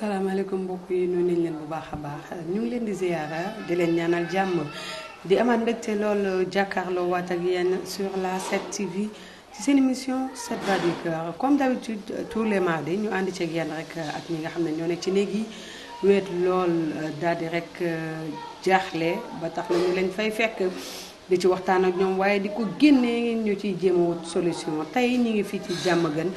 salaamaaleykum mbokk yi noonu nañ leen bu baax a baax ñu ngi leen di ziyaara di leen ñaanal jàmm di amaat mbégte lool jàkkaarloo waat ak yenn sur la set TV ci seen émission 7 voix du cœur comme d'habitude tous les mardis ñu ànd ceeg yéen rek ak ñi nga xam ne ñoo ne ci néegi yi weet lool daal di rek jaaxle ba tax na ñu leen fay fekk di ci waxtaan ak ñoom waaye di ko génnee ñu ci jéem wut solution tey ñu ngi fii ci jàmm gën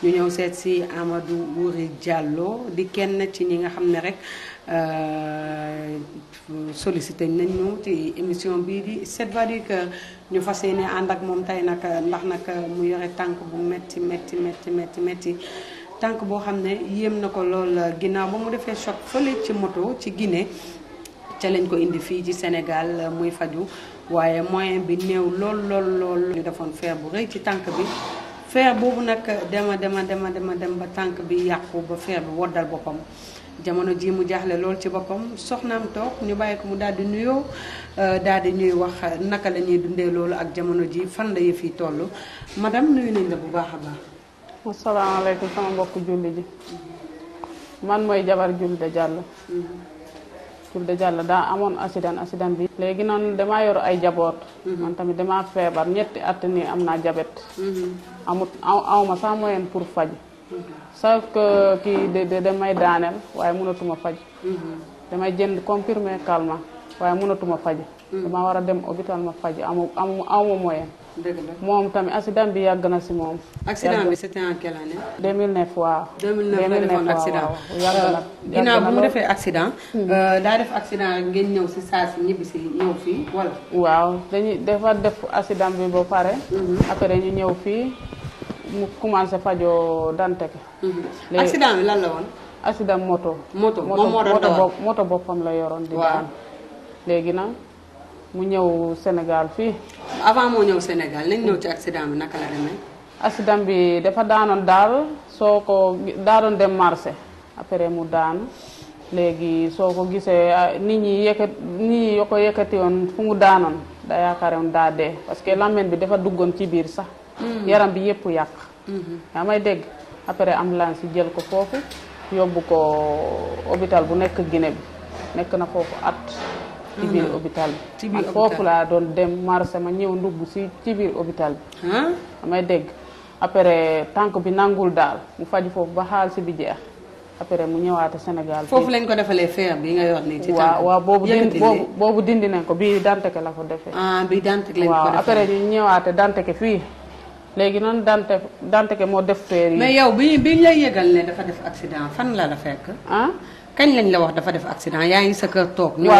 ñu ñëw seet si Amadou Wuri jàlloo di kenn ci ñi nga xam ne rek euh, sollicité nañ ñu ci émission bii di cest Voix du ñu fas yéene ànd ak moom tey nag ndax nag mu yore tànk bu metti métti métti métti metti tànk boo xam ne yéem na ko lool ginnaaw ba mu defee choc fële ci moto ci Guinée ca lañ ko indi fii ci Sénégal muy faju waaye moyen bi néew lool lool lool ñu defoon feer bu rëy ci tànk bi feer boobu nag dema dema dema dema dem ba tànk bi yàqu ba feer bi woddal boppam jamono ji mu jaaxle lool ci boppam soxnaam toog ñu bàyyi ko mu daal di nuyoo euh, daal di ñuy wax naka la ñuy dundee loolu ak jamono ji fan la yëf yi toll madame nuyu nañ la bu baax a baax. asalaamaaleykum sama mbokku julli ji man mooy jabar Julde jàll mm-hmm. pour de jàll daa amoon accident accident bi léegi noonu damaa yor ay jaboot mhm. man tamit demaa feebar ñetti at am naa jabet mhm. amut awma sax moyen pour faj mhm. sauf ki kii de damay daaneel waaye mënatuma faj damay jënd comprimé calmant waaye mënatuma faj damaa war a dem hôpital ma faj amu amu awma moom tamit accident bi yàgg na si moom. accident bi c'était en quelle année. 2009 waaw. 2009 la defoon accident euh, yàgg na ginnaaw bu mu defee accident. Hmm. Euh, daa def accident ngeen ñëw si saa si ñibbi si ñëw fii wala. waaw dañuy dafa def accident bi ba pare. Hmm. après ñu ñëw fii mu commencé fajoo Dantec. Hmm. léegi accident bi lan la woon. accident moto. moto moom moo doon moto boppam la yoroon. di daan léegi nag. mu ñëw Sénégal fii. avant moo ñëw Sénégal nañ ñëw ci accident bi naka la demee. accident bi dafa daanoon daal soo ko daa dem marché après mu daan léegi soo ko gisee ah, nit ñi yëkkat nit ñi woon fu mu daanoon yaakaar yoon daa dee parce que lameen bi dafa duggoon ci biir sax. Hmm. yaram bi yëpp yàq. Hmm. yaa may dégg après ambulance yi jël ko foofu yóbbu ko hôpital bu nekk Guinée bi nekk na foofu at. ci biir mm-hmm. hôpital bi. ci biir foofu laa doon dem marché ma ñëw ndugg si ci biir hôpital bi. damay dégg après tànk bi nangul daal mu faj foofu ba xaalis bi jeex après mu ñëwaate Sénégal. foofu lañ ko defalee fer bi nga yor nii. ci tànk waaw boobu dindi dindi nañ ko bii danteke la ko defee. ah bii danteke lañ ko waaw après ñu ñëwaate danteke fii. léegi nan dante danteke moo def feer mais yow bi bi ñu lay yëgal ne dafa def accident fan la la fekk. ah kañ lañ la wax dafa def accident yaa ngi sa kër toog. ñu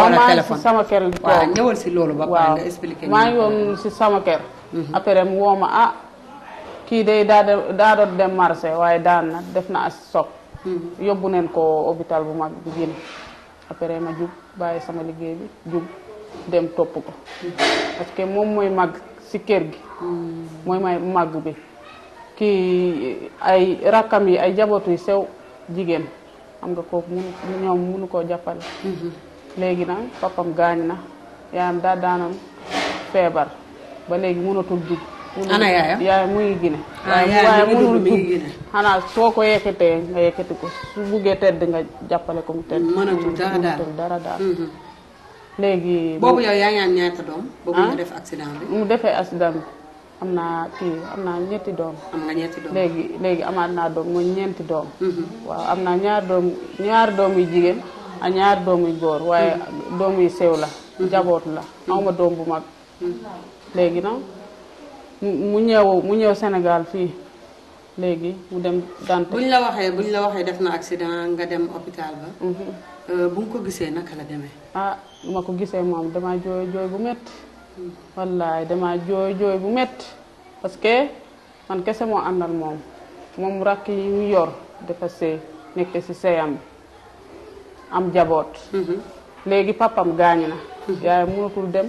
sama kër toog waaw si loolu. ba pare nga expliqué maa ngi woon si sama kër. Mhm. après mu woo ma ah kii day daa daa dem marché waaye daan na def na as soog. Mhm. yóbbu neen ko hôpital bu mag bu génn après ma jub bàyyi sama liggéey bi jub dem topp ko mhm. parce que moom mooy mag si kër gi. mooy may mag bi kii ay rakkam yi ay jabootu yu sew jigéen. xam nga kooku mun ñoom munu koo jàppale mhm. léegi nag papam gaañ na yaayam daa daanoon feebar ba léegi mënatul dugg ana yaayam yaayam mu ngi ah, gine waaye mënul dugg xanaa soo ko yëkkatee nga yëkkati ko su buggee tedd nga jàppale ko mu tedd mënatul dara daal mhm. léegi boobu yow ñaata doom boobu ah? nga def accident bi mu defee accident bi am naa kii am naa ñetti doom. am nga ñetti doom léegi léegi amaat naa doom mooy ñeenti doom. Mm-hmm. waaw am naa ñaar doom ñaar doom yu jigéen ak ñaar doom yu góor waaye mm-hmm. doom yu sew la. Mm-hmm. jaboot la awma doom bu mag. léegi nag mu ñëw mu ñëw Sénégal fii léegi mu dem dante buñ la waxee buñ la waxee def na accident nga dem hôpital ba. Euh, bu nga ko gisee naka la demee. ah ma ko gisee moom damaa jooy jooy bu métti. wallaay dama jooy jooy bu metti parce que man kese moo àndal moom moom rakk yi mu yor dafa sëy nekk ci sëyam bi am jaboot mhm. léegi papam gaañu na mhm. yaay mënatul dem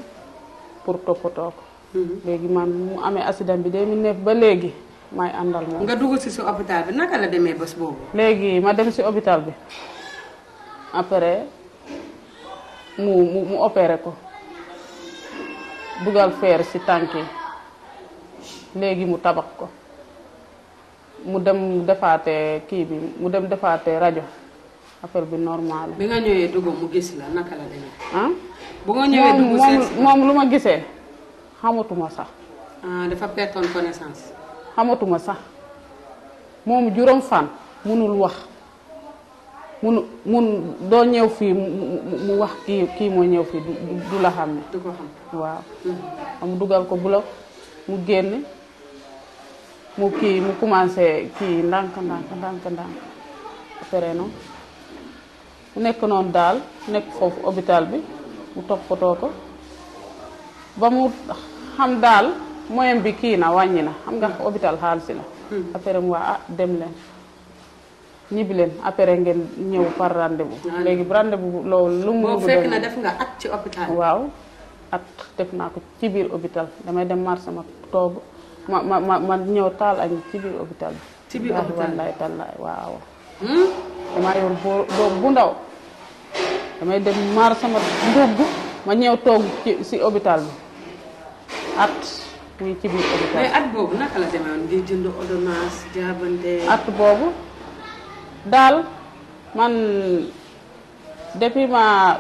pour toppatoo ko mhm. léegi man mu amee accident bi day mu nekk ba léegi may àndal moom nga dugg ci si hôpital bi naka la demee bés boobu léegi ma dem si hôpital bi après mu mu mu ko dugal feer ci tànk yi léegi mu tabax ko mu dem defaate kii bi mu dem defaate rajo affaire bi normal bi nga ñëwee dugg mu gis la naka la demee. moom moom lu ma gisee xamatuma sax. ah dafa pertoon connaissance. xamatuma sax moom juróom fan mënul wax. mun mun doo ñëw fii mu wax kii kii moo ñëw fii du la xam waaw. Mm-hmm. mu dugal ko bloc mu génn mu kii mu commencé kii ndànk ndànk ndànk ndànk après noonu nekk noonu daal nekk foofu hôpital bi mu toppatoo ko ba mu xam daal moyen bi kii na wàññi na xam nga hôpital xaalis la. Mm-hmm. après mu waa ah dem leen. ñibbi leen après ngeen ñëw par rendez-vous. Ah, léegi rendez-vous loolu lu mu. boo fekk na at ci hôpital. waaw at def naa ko ci biir hôpital damay dem mars ma toog ma ma ñëw taal añ ci biir hopital bi. ci biir hôpital wallaay tallaay waaw. Hmm? bu ndaw damay dem ma dugg ñëw toog hôpital bi at. muy ci biir hôpital at boobu. daal man depuis ma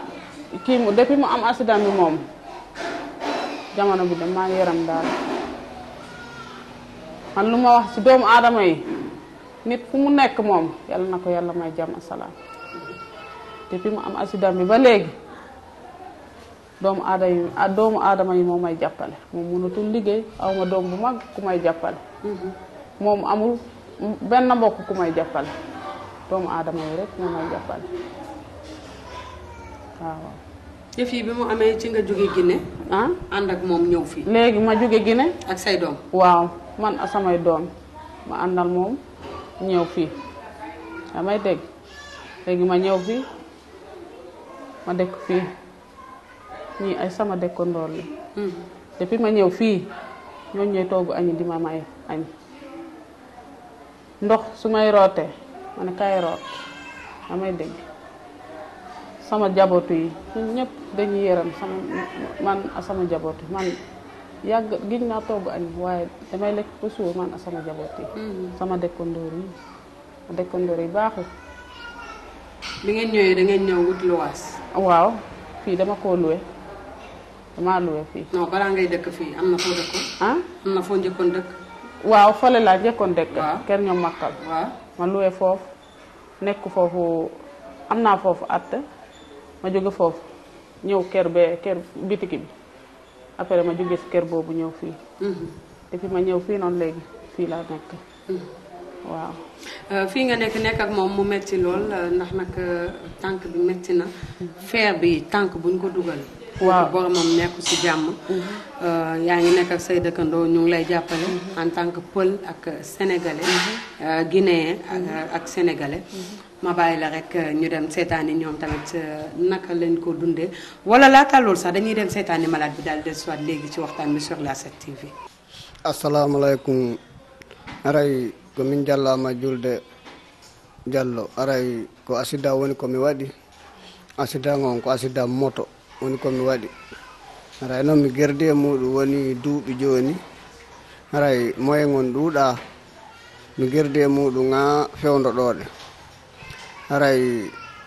kii mu depuis mu am accident moom jamono bi de maa ngi yaram daal man lu ma wax ci doomu aadama yi nit fu mu nekk moom yàlla na ko yàlla may jàmm asalaam depuis mu am accident bi ba léegi doomu aadama yi ah, doomu aadama yi moo may jàppale moom mënatul liggéey aw doom bu mag ku may jàppale mm-hmm. moom amul benn mbokk ku may jàppale doomu aadama yi rek ñoo may jàppale waaw. yëf ci nga jóge Guinée. Ah? ànd ak moom ñëw fii. léegi ma jóge Guinée. ak say doom. waaw man a samay doom ma àndal moom ñëw fii damay dégg léegi ma ñëw fii ma dëkk fii ñii ay sama dëkkandoo la. Hmm. depuis ma ñëw fii ñooñu ñooy togg añi di ma may añ ndox su may rootee. ma ne kaay root damay dégg sama jabootu yi ñun ñëpp dañuy yërëm sama man a sama jabootu man yàgg giñ naa togg añ waaye damay lekk ba man a sama jaboot yi mm-hmm. sama dëkkandoor yi ma dëkkandoor yi baaxul bi ngeen ñëwee da ñëw wut luwaas waaw fii dama koo luwe damaa luwe fii non balaa ngay dëkk fii am na foo dëkkoon ah? njëkkoon dëkk waaw fole laa njëkkoon dëkk kenn ñoom makkal ma luwe foofu nekk foofu am naa foofu at ma jóge foofu ñëw kër be kër bitiki bi après ma jóge si kër boobu ñëw fii mm-hmm. depuis ma ñëw fii noonu léegi fii laa nekk mm-hmm. waaw euh, fii nga nekk nekk ak moom mu metti lool ndax nag euh, tànk bi metti na mm-hmm. feer bi tànk buñ ko dugal waaw boromam nekku ci jàmm mhm. euh, yaa ngi nekk ak say dëkkandoo ñu ngi lay jàppale mhm. en tant que pël ak sénégalais mhm. euh, guinéen ak sénégalais ma bàyyi la rek euh, ñu dem seetaani ñoom tamit naka lañ ko dundee wala laata loolu sax dañuy dem seetaani malade bi daal de soit léegi ci waxtaan bi sur la 7TV asalaamaaleykum aray ko min jallama julde diallo aray ko asida woni komi waɗi asida gon ko asida moto woni komi waɗi aray noon mi gerdi e muɗum woni duuɓi joni aray moyen on ɗuuɗa mi gerdi e muɗum ha fewdoɗoɗe aray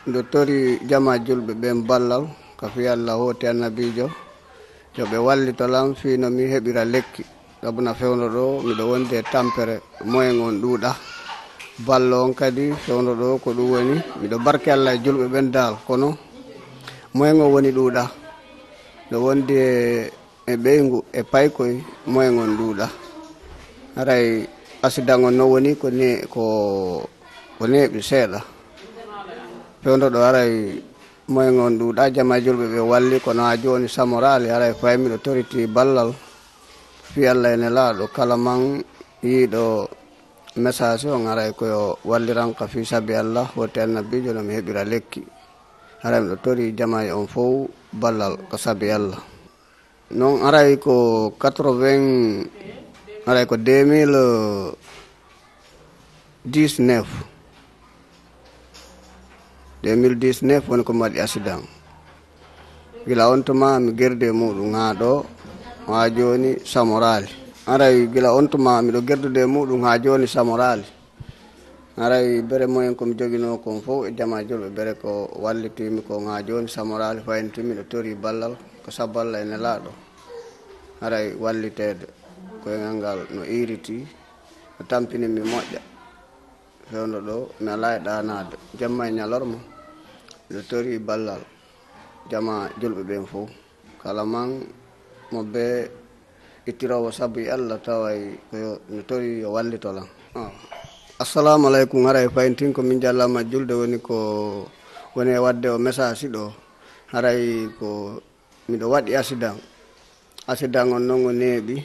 nde tori jama julɓe ɓen ballal ko allah hooti annabijo yo ɓe wallitolam fino mi heɓira lekki sabuna fewdo ɗo miɗo wondi e tampere moyen on ɗuuɗa ballo on kadi fewdo ɗo ko ɗum woni miɗo barke allah e julɓe ɓen dal kono moygo woni ɗuuɗa nde wondi e e ɓeygu e paykoye moygon aray asidan on noon woni ko ne ko ko ɗo aray moygon ɗuuɗa jama julɓe ɓe walli kono ha joni samorali aray faymiɗo toriti ballal fi allah ene laaɗo kala man yiiɗo message on aray koyo walliranka fi sabi allah wotte annabijo no mi heɓira lekki haranɗo tori jamaje on fof ballal ko saabi allah noon aray ko 80 ko 2019 2019 woni gila on tuma mi gerde muɗum ha ɗo ha joni samorali aray gila on tuma miɗo gerdude muɗum ha joni samorali aray bere moyen komi joguino kon fof e jama julɓe bere ko wallitimi ko ha joni samorali fayintumi ɗo tori ballal ko saballa ene laaɗo aray wallitede koyengal ngal no iriti o tampinimi moƴƴa fewdo ɗo mi ala e ɗanade jamma e ñalorma ɗo tori ballal jama julɓe ɓen fof kala man mo be ittirowo saabu e allah taway koyo no tori yo wallitolan assalamu aleykum haray fayintin komin jallama julde woni ko woni e wadde o message ɗo haray ko miɗo waɗi accident accident on noon o neeɓi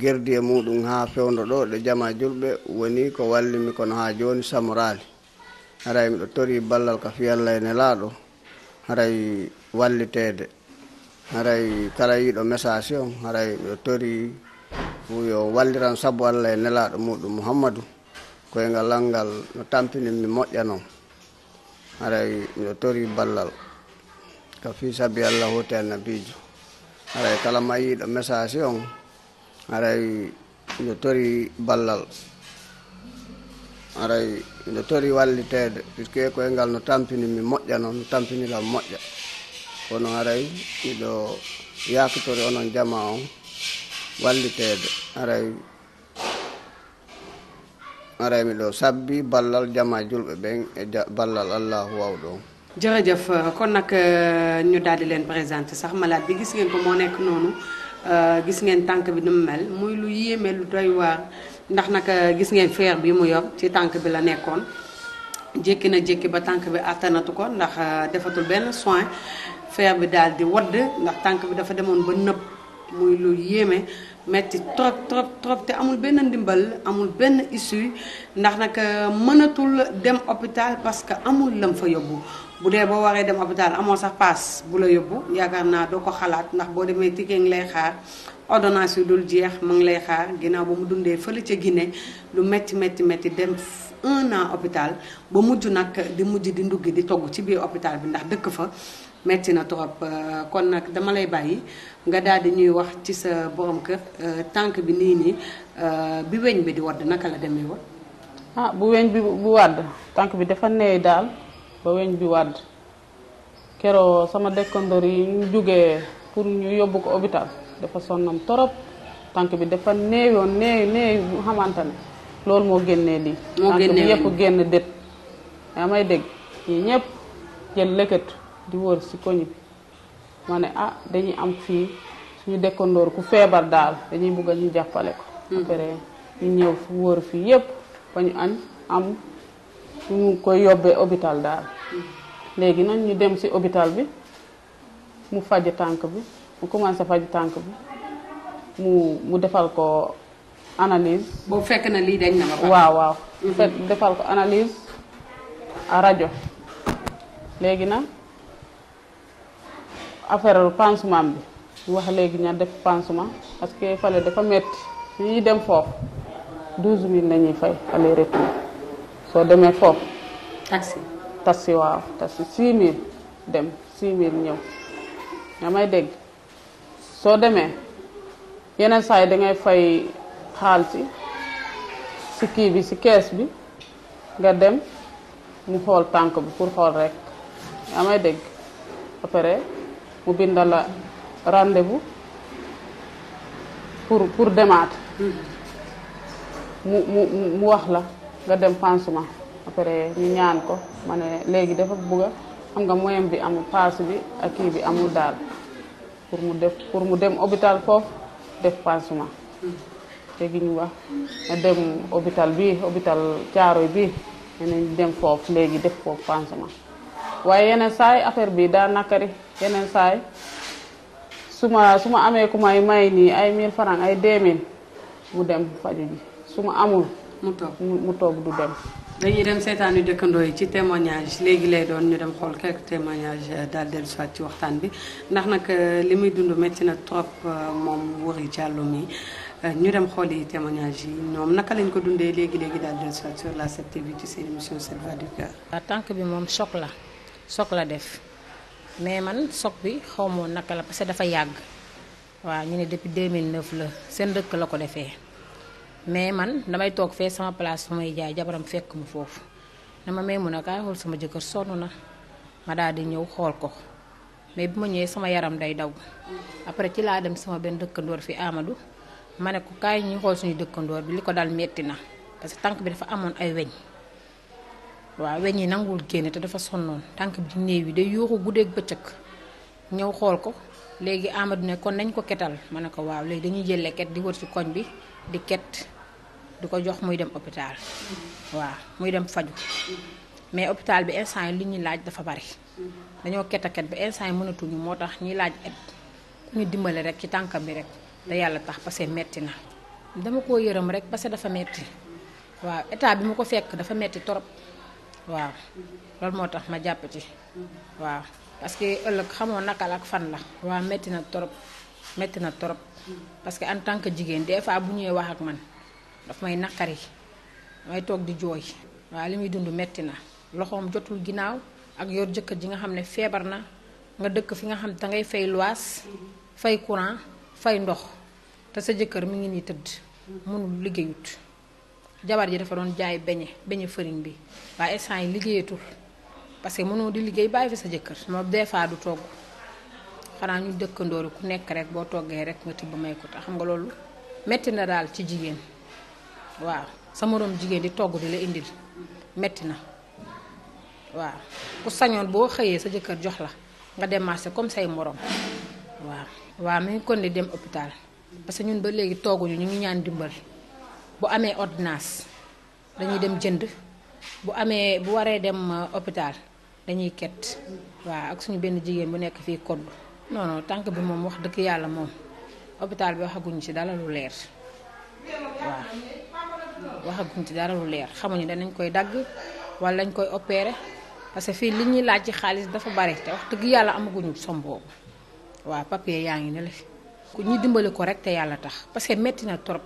gerdi e muɗum ha fewdo ɗo ɗo jama julɓe woni ko wallimi kono ha joni samorali haray miɗo tori ballal ka fiyalla ene laaɗo haray wallitede haray kala yiɗo on haray miɗo tori yo walliran sabu allah e nelaɗo muɗum mouhammadou koyngal ngal no tampini mi moƴƴa noon haray no tori ballal ka fi sabi allah hote annabijo haray kala ma yiiɗo on haray no tori ballal aray no tori walliteede puisque koyngal no tampinimi moƴƴa noon no tampinilam moƴƴa kono aray miɗo yakutori onon jama on walliteede aramiɗo bi ballal jama julɓe ɓen e ballal allahu wawɗo jërëjëf euh, kon nag euh, ñu daal di leen présenté sax malaat bi gis ngeen ko moo nekk noonu euh, gis ngeen tànk bi nu mu mel muy lu yéeme lu doy waar ndax nag gis ngeen feer bi mu yor ci tànk bi la nekkoon jékki na jékki ba tànk bi attanatu ko ndax defatul benn soin feer bi daal di wadd ndax tànk bi dafa demoon ba nëpp muy lu yéeme metti trop trop trop te amul benn ndimbal amul benn issue ndax nag euh, mënatul dem hôpital parce que amul lam fa yóbbu bu dee boo waree dem hôpital amoo sax paas bu la yóbbu yaakaar naa doo ko xalaat ndax boo demee ticket ngi lay xaar ordonnance yu dul jeex ma ngi lay xaar ginnaaw ba mu dundee fële ca ginne lu metti metti metti dem un an hôpital ba mujj nag di mujj di ndugg di togg ci biir hôpital bi ndax dëkk fa metti na trop euh, kon nag dama lay bàyyi nga daal di ñuy wax ci sa borom kër euh, tànk bi nii nii euh, bi weñ bi di wadd naka la demee woon. ah bu weñ bi bu wadd tànk bi dafa neey daal ba weñ bi wadd keroo sama dëkkandoor yi ñu jógee pour ñu yóbbu ko hôpital dafa sonnam torop tànk bi dafa neeyoon neey neey bu xamante ne loolu moo génnee lii. moo génnee tànk bi yëpp génn dét yaa may dégg ñii ñëpp jël lëkkat di wër si koñ bi. ma ne ah dañuy am fii suñu dëkkandoor ku feebar daal dañuy bëgg ñu jàppale ko. Hmm. après ñu ñëw fu wóor fii yépp ba ñu añ am ñu koy yóbbee hopital daal. Hmm. léegi nag ñu dem si hopital bi mu faj tànk bi mu commencé faj tànk bi mu mu defal ko analise boobu fekk na lii dañ na waaw waaw. Hmm. fekk defal ko analise a rajo léegi nag. affaire pansement bi mu wax léegi ña def pansement parce que fale dafa metti ñuy dem foofu douze mille la fay aller retour soo demee foofu. taxi taxi waaw taxi six dem sii mille ñëw nga may dégg soo demee yeneen saa yi dangay fay xaal si si kii bi si kees bi nga dem mu xool tànk bi pour xool rek nga may dégg après mu bindal la rendez-vous pour pour demaat mu mu mu wax la nga dem pansement après ñu ñaan ko mane léegi dafa bëgg a xam nga moyen bi amul paas bi ak kii bi amul daal pour mu def pour mu dem hôpital foofu def pansement léegi ñu wax na dem hôpital bi hôpital Caaroy bi ne nañ dem foofu léegi def foofu pansement waaye yeneen saay affaire bi daa nakari yeneen saay su ma su ma amee ku may may nii ay 1000 francs ay 2000 mu dem faju bi su ma amul. mu toog mu toog du dem. dañuy dem seetaan yu dëkkandoo yi ci témoignage léegi lay doon ñu dem xool quelques témoignages euh, daal del soit ci waxtaan bi ndax nag euh, li muy dund métti na trop euh, moom Wuri Diallo mi ñu dem xool yi témoignage yi ñoom naka lañ ko dundee léegi léegi daal dellu soit sur la 7TV ci seen émission 7 voix du cœur. tànk bi moom choc la choc la def. mais man choc bi xaw ma naka la parce que dafa yàgg waaw ñu ne depuis 2009 la seen dëkk la ko defee mais man damay toog fee sama place fu may jaay jabaram fekk mu foofu dama may mun a kaay xool sama jëkkër sonn na ma dal di ñëw xool ko mais bi ma ñëwee sama yaram day daw après ci laa dem sama benn dëkkandoor fi Amadou ma ne ko kaay ñu xool suñu dëkkandoor bi li ko dal metti na parce que tànk bi dafa amoon ay weñ. waaw weñ yi nanguwul génne te dafa sonnoon tànk bi di néew yi day yooxu guddeeg bëccëg ñëw xool ko léegi Amadou ne kon nañ ko ketal ma ne ko waaw léegi dañuy jël leket di wër ci koñ bi di ket di ko jox muy dem hôpital waaw muy dem faju mais hôpital bi instant yi li ñuy laaj dafa bari dañoo ket bi instant yi mënatuñu moo tax ñuy laaj et ku ñu dimbale rek ci tànkam bi rek te yàlla tax parce que metti na dama ko yërëm rek parce que dafa metti waaw état bi mu ko fekk dafa metti torop waaw loolu moo tax ma jàpp ci waaw parce que ëllëg xamoo naka la ak fan la waaw métti na trop métti na trop parce que en tant que jigéen des fois bu ñuy wax ak man dafa may naqari damay toog di jooy waaw li muy dund métti na loxoom jotul ginnaaw ak yor jëkkër ji nga xam ne feebar na nga dëkk fi nga xam te ngay fay luwaas fay courant fay ndox te sa jëkkër mi ngi nii tëdd mënul liggéeyut jabar ji dafa doon jaay beñe beñe fëriñ bi waaye instant yi liggéeyatul parce que mënoo di liggéey bàyyi fi sa jëkkër moom des fois du togg xanaa ñu dëkkandoori ku nekk rek boo toggee rek nga tibb may ko te xam nga loolu metti na daal ci jigéen waaw sa moroom jigéen di togg di la indil metti na waaw ku sañoon boo xëyee sa jëkkër jox la nga dem marché comme say moroom waaw waaw mi ngi kon di dem hôpital parce que ñun ba léegi tooguñu ñu ngi ñaan dimbal bu amee ordonnance dañuy dem jënd bu amee bu waree dem euh, hôpital dañuy ket waaw ak suñu benn jigéen bu nekk fii kodd non tànk bi moom wax dëgg yàlla moom hôpital bi waxaguñu ci dara lu leer waaw waxaguñ ci dara lu leer xamuñu danañ koy dagg wala dañ koy opérer parce que fii li ñuy laaj ci xaalis dafa bari te wax dëgg yàlla amaguñu som boobu waaw papier yaa ngi ne la ku ñu dimbali ko rek te yàlla tax parce que metti na trop.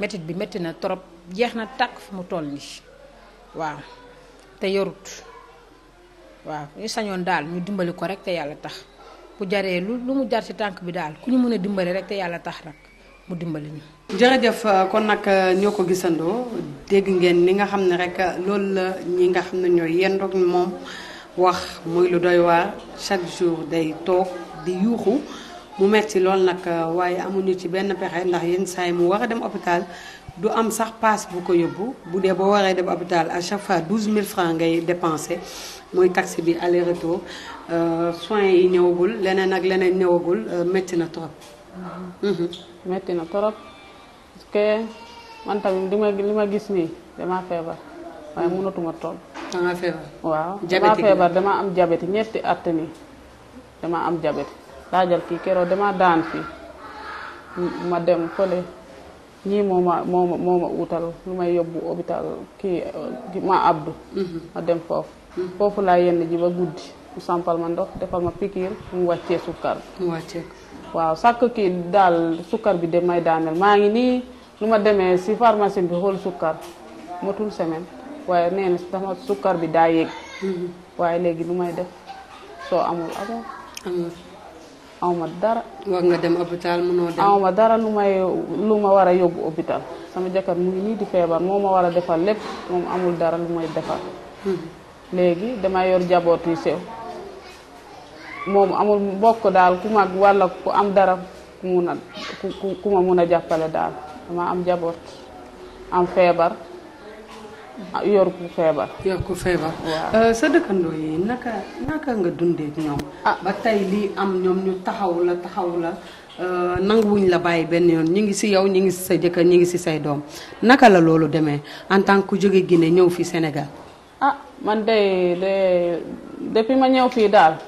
metit bi métti na torop jeex na tàkk fu mu toll nii waaw te yorut waaw ñu sañoon daal ñu dimbali ko rek te yàlla tax bu jaree lu lu mu jar ci tànk bi daal ku ñu mën a dimbali rek te yàlla tax nag mu dimbali ñu. jërëjëf euh, kon nag euh, ñoo ko gisandoo dégg ngeen ni nga xam ne rek euh, loolu la ñi nga xam ne ñooy yendoog moom wax muy lu doy waar chaque jour day toog di yuuxu. mu metti lool nag euh, waaye amuñu ci benn pexe ndax yenn saa yi mu war a dem hôpital du am sax paas bu ko yóbbu bu dee boo waree dem hôpital à chaque fois mille francs ngay dépensé mooy taxi bi aller retour euh, soins yi ñëwagul leneen ak leneen ñëwagul euh, metti na trop. métti mm-hmm. mm-hmm. na trop parce que man tamit li ma gis nii damaa feebar waaye mm-hmm. mënatuma toll. da feebar waaw. damaa dama am diabète ñetti at nii am diabète. laajal kii keroo dama daan fii ma dem fële ñii moom ma moo ma wutal lu may yóbbu hôpital kii ma abdu mhm. ma dem foofu mhm. foofu laa yenn ji ba guddi sampal ma ndox defal ma pikiir mu wàccee sukkar mu wàccee waaw sàkk kii daal sukkar bi de may daaneel maa ngi nii nu ma demee si pharmacie bi xool sukkar motul semaine waaye nee na sama bi daa yéeg mhm. waaye léegi lu may def soo amul amoo aw ma dara. war nga dem hôpital mënoo dem. aw ma dara lu may lu ma war a yóbbu hôpital sama jëkkër mu ngi nii di feebar moo ma war a defal lépp moom amul dara lu may defal. Hmm. léegi dama yor jaboot yu sew moom amul mbokk daal ku mag walla ku am dara ku mun a ku ma mun a jàppale daal dama am jaboot am feebar. Ah, yor ku feebar. yor ku feebar. Euh, sa dëkkandoo yi naka naka nga dundee ak ñoom. ah ba tey lii am ñoom ñu taxaw la taxaw la euh, nanguwuñ la bàyyi benn yoon ñu ngi si yow ñu ngi si sa jëkkër ñi ngi si say doom naka la loolu demee en tant ku jóge Guinée ñëw fi senegal ah man de de depuis ma ñëw fii daal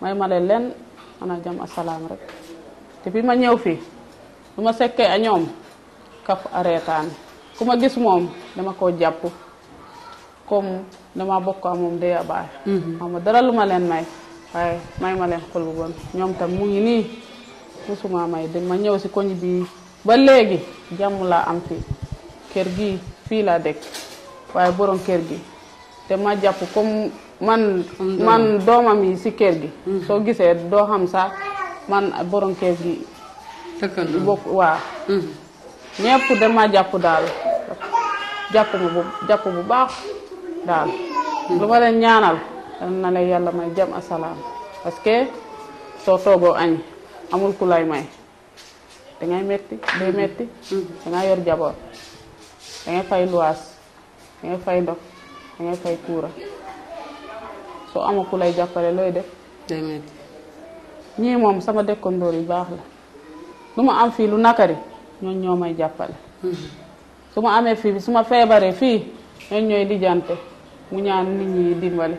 may ma leen lenn maanaam jàmm asalaam ma ñëw fii bu sekkee a ñoom kaf areetaan. ku ma gis moom dama koo jàpp comme dama bokk ak moom day abaay mhm. xam nga dara ma may ma leen xol bu bon ñoom tam mu ngi nii musuma may dem ma ñëw si koñ bi ba léegi jàmm laa am fii kër gi fii laa dëkk waaye borom kër gi te ma jàpp kom man man doomam yi si kër gi mhm. soo gisee doo xam sax man borom kër gi bokk waaw mhm. ñëpp dama jàpp daal jàpp ma bu jàpp bu baax daal lu ma leen ñaanal na la yàlla may jàmm asalaam parce que soo toogoo añ amul kulay may dangay metti day metti dangay yor jaboot dangay fay luwaas dangay fay ndox dangay fay kuura soo amul ku jàppale looy def day ñii moom sama dëkkandoor yu baax la lu ma am fii lu nakari ñoom ñoo jàppale mm-hmm. su ma amee fii su ma feebaree fii ñooñ ñooy lijjante mu ñaan nit ñi dimbali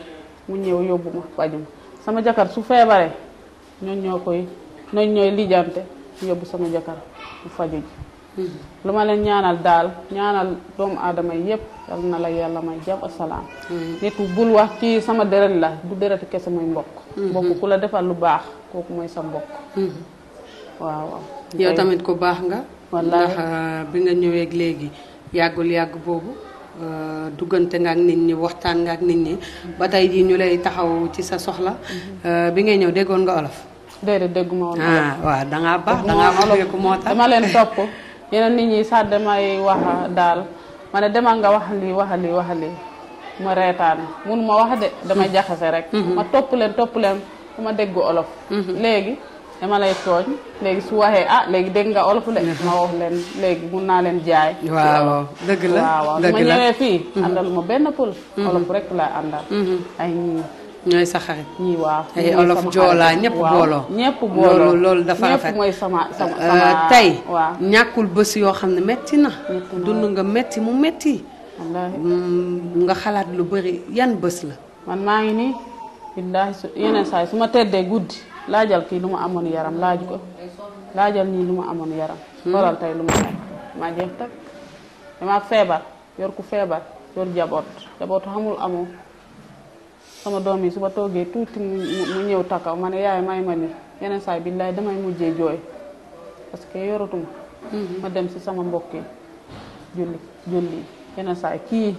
mu ñëw yóbbu ma faju sama jakar su feebaree ñooñ ñoo koy ñooñ ñooy lijjante yóbbu sama jakar mu faju hmm. lu ma leen ñaanal daal ñaanal doomu aadama yi yépp yal na la yàlla may jàmm ak salaam hmm. nit bul wax kii sama deret la du dereti kese muy mbokk hmm. mbokk ku la defal lu baax kooku mooy sa mbokk waaw waaw yow tamit ku baax nga wallaahi ndax euh, bi nga ñëwee léegi yàggul yàgg boobu euh, duggante nga ak nit ñi waxtaan nga ak nit ñi ba tey jii ñu lay taxaw ci sa soxla mm-hmm. euh, bi ngay ñëw déggoon nga olof déedéet dégguma woon ah waaw dangaa baax dangaa olof moo tax dama leen topp yeneen nit ñi sax damay wax daal ma ne nga wax lii wax lii wax lii ma reetaan mun ma wax de damay mm-hmm. jaxase rek mm-hmm. ma topp leen topp leen ma dégg olof léegi dama lay tooñ léegi su waxee a ah, léegi dégg nga olof le ma wax leen léegi mun naa leen jaay. waaw dëgg la waaw ñëwee fii. Mm-hmm. àndal ma benn pël. Mm-hmm. olof rek la àndal. Mm-hmm. ay ñii. ñooy sa xarit. ñii ay olof joolaa ñëpp booloo. ñëpp loolu dafa rafet mooy sama sama euh, sama. tey ñàkkul bés yoo xam ne metti na. dund nga metti mu metti. Mm, nga xalaat lu bari yan bës la. man maa ngi nii. billaahi su ma teddee guddi. laajal kii lu ma amoon yaram laaj ko laajal nii lu ma amoon yaram. Hmm. xoolal tey lu mu nekk maa jeex takk feebar yor ku feebar yor jaboot jaboot xamul amoo sama doom yi su ba toogee tuuti mu ñëw takkaw ma ne yaay may ma nii yeneen saay billaay damay mujjee jooy parce que yoratuma. Hmm. ma dem si sama mbokk yi julli julli saay kii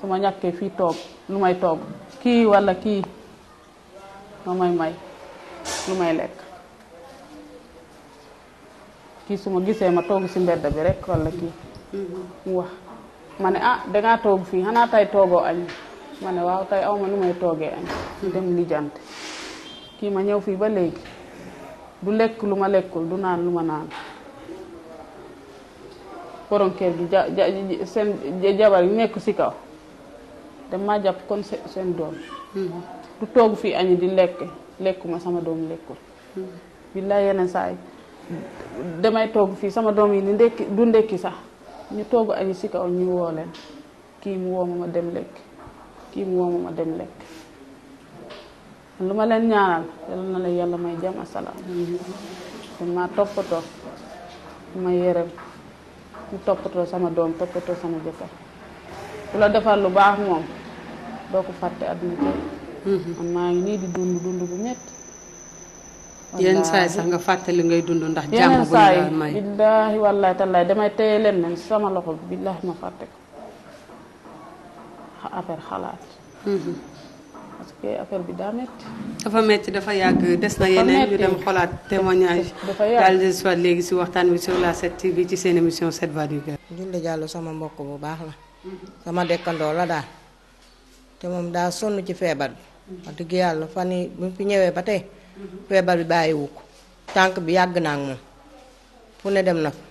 su ma ñàkkee fii toog lu may toog kii walla kii ma may may. lu may lekk kii su ma gisee ma toog si mbedd bi rek walla kii mm-hmm. mu wax ma ne ah dangaa toog fii xanaa tey toogoo añ ma ne waaw tay aw ma lu may toogee añ mm-hmm. dem lijjante kii ma ñëw fii ba léegi du lekk lu ma lekkul du naan lu ma naan borom kër jabar yi nekk si kaw dama jàpp kon seen doom mm-hmm. du toog fii añi di lekk lekkuma sama doom lekkul billaay yeneen saa yi damay togg fii sama doom yi ni ndekki du ndekki sax ñu togg añu si kaw ñu woo leen kii mu woo ma dem lekk kii mu woo ma dem lekk lu ma leen ñaanal yal na la yàlla may jàmm asalaam dañ maa toppatoo may yërëm mu toppatoo sama doom toppatoo sama jëkkër ku la defal lu baax moom doo ko fàtte àdduna Mm-hmm. man di dund dund bu saay sax nga fàttali ngay dund ndax. jàmm bu la may billaahi wallaahi tallaay damay téye leen ne sama loxo bi billaahi ma fàtte ko affaire xalaat. Mm-hmm. bi daa metti dafa metti dafa yàgg des na yeneen ñu dem xolaat témoignage daal di soit léegi si waxtaan bi sur la 7 TV ci seen émission 7 voix du cœur. sama mbokk bu baax la. Mm-hmm. sama dëkkandoo la daal. te moom daa sonn ci feebar bi. wax dëgg yàlla fan yi bu fi ñëwee ba tey feebar bi bàyyiwu ko tànk bi yàgg naa ak moom fu ne dem na fa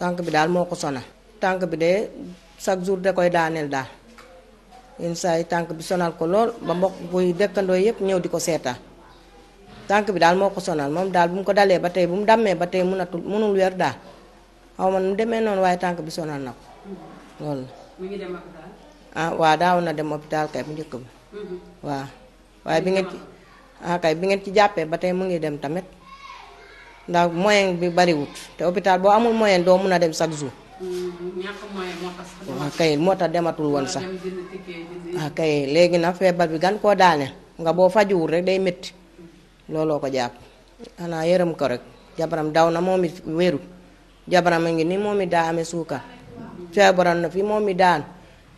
tànk bi daal moo ko sonal tànk bi de chaque jour de koy daaneel daal yenn tànk bi sonal ko lool ba mbokk buy dëkkandoo yëpp ñëw di ko seetaan tànk bi daal moo ko sonal moom daal bu mu ko dalee ba tey bu mu dammee ba tey mënatul mënul wér daal xaw ma nu demee noonu waaye tànk bi sonal na ko loolu la ah waaw daawoon na dem hôpital kay bu njëkk ba mm-hmm. waaw waaye bi ngeen ci ah kay bi ngeen ci jàppee ba tey mu ngi dem tamit ndax moyen bi bariwut te hôpital boo amul moyen doo mun a dem chaque jour. Mm-hmm. ñàkk moo tax kay dematul woon sax waaw ah, léegi na feebar bi gan koo daaneel nga boo fajuwul rek day metti mm-hmm. looloo ko jàpp xanaa yërëm ko rek jabaram daw na moom it wéeru jabaram a ngi ni moom it daa amee suukar feebaran na fi moom it daan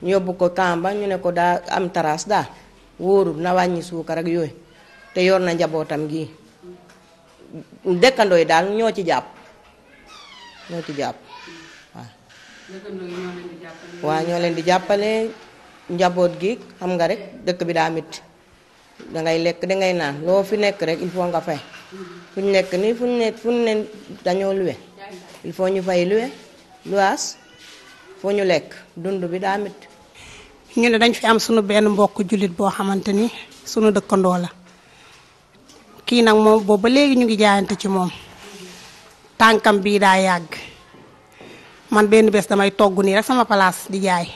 ñu yóbbu ko kamba ñu ne ko daa am taraas daal wóorul na wàññi suukar ak yooyu te yor na njabootam gi dëkkandoo yi daal ñoo ci jàpp ñoo ci jàpp waa ñoo leen di jàppale njaboot gi xam nga rek dëkk bi daa metti dangay lekk dangay naan loo fi nekk rek il faut nga fay fu ñu nekk nii fu ñu ne fu ñu ne dañoo luwe il faut ñu fay luwe luwaas foo ñu lekk dund bi daa metti ñu ne dañ fi am sunu benn mbokk jullit boo xamante ni sunu dëkkandoo la kii nag moom boobu ba léegi ñu ngi jaayante ci moom tànkam bii daa yàgg man benn bés damay togg nii rek sama palaas di jaay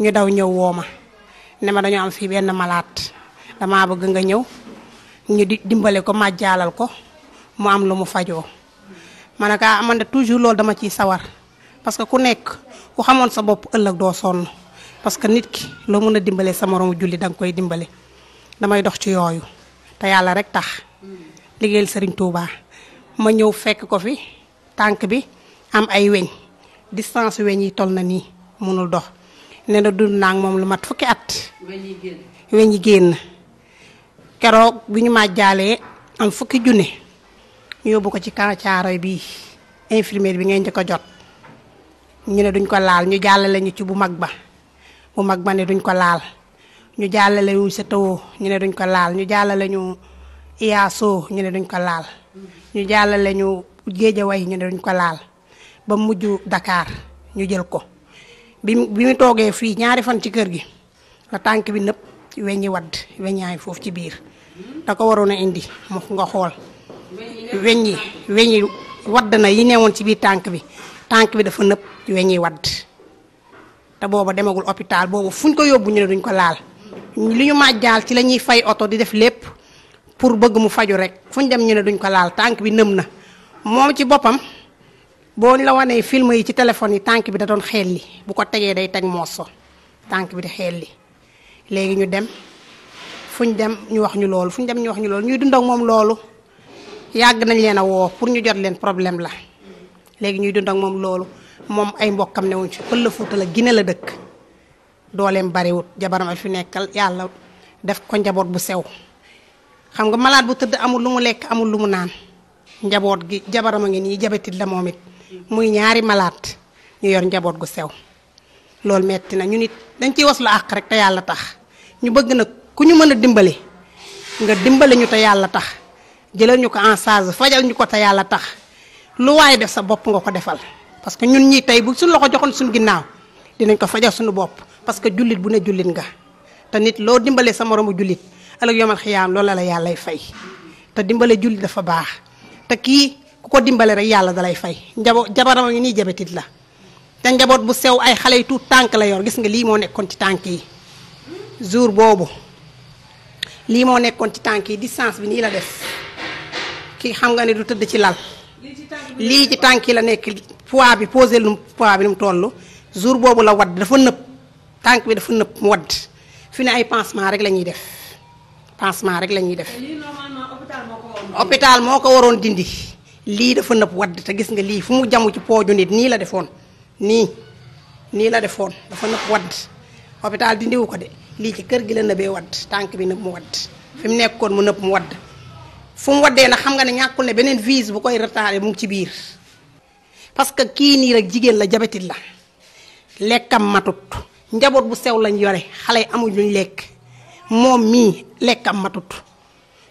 ñu daw ñëw woo ma ne ma dañoo am fii benn malaat damaa bëgg nga ñëw ñu di dimbale ko jaalal ko mu am lu mu fajoo ma ne ko ah, man toujours loolu dama ciy sawar parce que ku nekk ku xamoon sa bopp ëllëg doo sonn. parce que nit ki loo mën a dimbale sa moromu julli danga koy dimbale damay dox ci yooyu te yàlla rek tax liggéeyal sëriñ Touba ma ñëw fekk ko fi tànk bi am ay weñ distance weñ yi toll na nii mënul dox nee na dund naa moom lu mat fukki at. weñ yi génn keroog bi ñu maa jaalee am fukki junne ñu yóbbu ko ci kancaaro bi infirmière bi ngeen di ko jot ñu ne duñ ko laal ñu jàllale ñu ci bu mag ba. bu mag ba ne duñ ko laal ñu jàllale sa tawoo ñu ne duñ ko laal ñu jàllale ñu iyaasoo ñu ne duñ ko laal ñu jàllale ñu géejaway ñu ne duñ ko laal ba mu mujj dakaar ñu jël ko bi bi mu toogee fii ñaari fan ci kër gi la tànk bi nëpp weñi wadd weñaay foofu ci biir da ko waroon a indi mu nga xool weñ yi weñ yi wadd na yi newoon ci biir tànk bi tànk bi dafa nëpp weñi wadd te booba demagul hôpital boobu fuñ ko yóbbu ñu ne duñ ko laal li ñu màjjaal ci la ñuy fay oto di def lépp pour bëgg mu faju rek fu ñu dem ñu ne duñ ko laal tànk bi nëm na moom ci boppam boo la wanee film yi ci téléphone yi tànk bi da doon xeel li bu ko tegee day teg mooso tànk bi di xeel li léegi ñu dem fuñ dem ñu wax ñu loolu fuñ dem ñu wax ñu loolu ñuy dund ak moom loolu yàgg nañ leen a woo pour ñu jot leen problème la léegi ñuy dund ak moom loolu moom ay mbokkam newuñ ci Pël la Fuuta la Gine la dëkk dooleem bariwut jabaram a fi nekkal yàlla def ko njaboot bu sew xam nga malaat bu tëdd amul lu mu lekk amul lu mu naan njaboot gi jabaram a ngi nii jabetit la moom it muy ñaari malaat ñu yor njaboot gu sew loolu metti na ñu nit dañ ciy waslu àq rek te yàlla tax ñu bëgg nag ku ñu mën a dimbali nga dimbali ñu te yàlla tax jëlal ñu ko en charge fajal ñu ko te yàlla tax lu waaye def sa bopp nga ko defal parce que ñun ñii tey bu suñu loxo joxoon suñu ginnaaw dinañ ko fajal suñu bopp parce que jullit bu ne jullit nga te nit loo dimbalee sa moromu jullit alal yomal xiyaam loola la yàllay fay te dimbale jullit dafa baax te kii ku ko dimbale rek yàlla dalay fay njabo jabaram ngi nii jabetit la te njaboot bu sew ay xale yi tuut tànk la yor gis nga lii moo nekkoon ci tànk yi jour boobu lii moo nekkoon ci tànk yi distance bi nii la def kii xam nga ne du tëdd ci lal lii ci tànk la nekk poids bi posé lu poids bi nu mu toll jour boobu la wadd dafa nëpp tànk bi dafa nëpp mu wadd fi ne ay pansement rek la ñuy def pansement rek la ñuy moo ko waroon dindi. lii dafa nëb wadd te gis nga lii fu mu jamu ci pooju nit nii la defoon nii nii la defoon dafa nëb wadd hôpital dindiwu ko de lii ci kër gi la nëbee wadd tànk bi nëb mu wadd fi mu nekkoon mu nëpp mu wadd fu mu waddee nag xam nga ne ñàkkul ne beneen vise bu koy retardé mu ngi ci biir. parce que kii nii rek jigéen la jabetit la lekkam matut njaboot bu sew lañ yore xale yi amuñ luñ lekk moom mii lekkam matut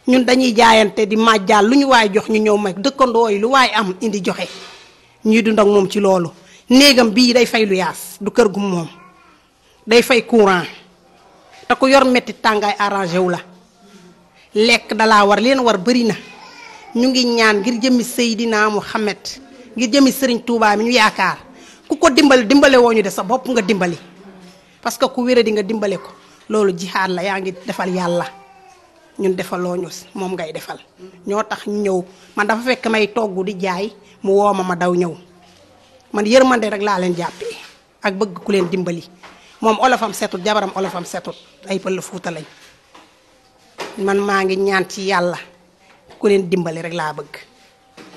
ñun dañuy jaayante di màjjaal lu ñu waay jox ñu ñëw mag dëkkandoo yi lu waaye am indi joxe ñuy dund ak moom ci loolu néegam bii day fay lu yaas du kër gu moom day fay courant te ko yor metti tàngaay arrangé wu la lekk dalaa war leen war bari na ñu ngi ñaan ngir jëmmi mu Muhammad ngir jëmi sëriñ Touba mi ñu yaakaar ku ko dimbali dimbale woo ñu de sa bopp nga dimbali parce que ku wéradi nga dimbale ko loolu jihaad la yaa ngi defal yàlla ñun defaloo ñu moom ngay defal. ñoo tax ñëw man dafa fekk may togg di jaay mu woo ma ma daw ñëw man de rek laa leen jàppee ak bëgg ku leen dimbali moom olofam setut jabaram olofam setut ay pël fuuta lañ man maa ngi ñaan ci yàlla ku leen dimbali rek laa bëgg.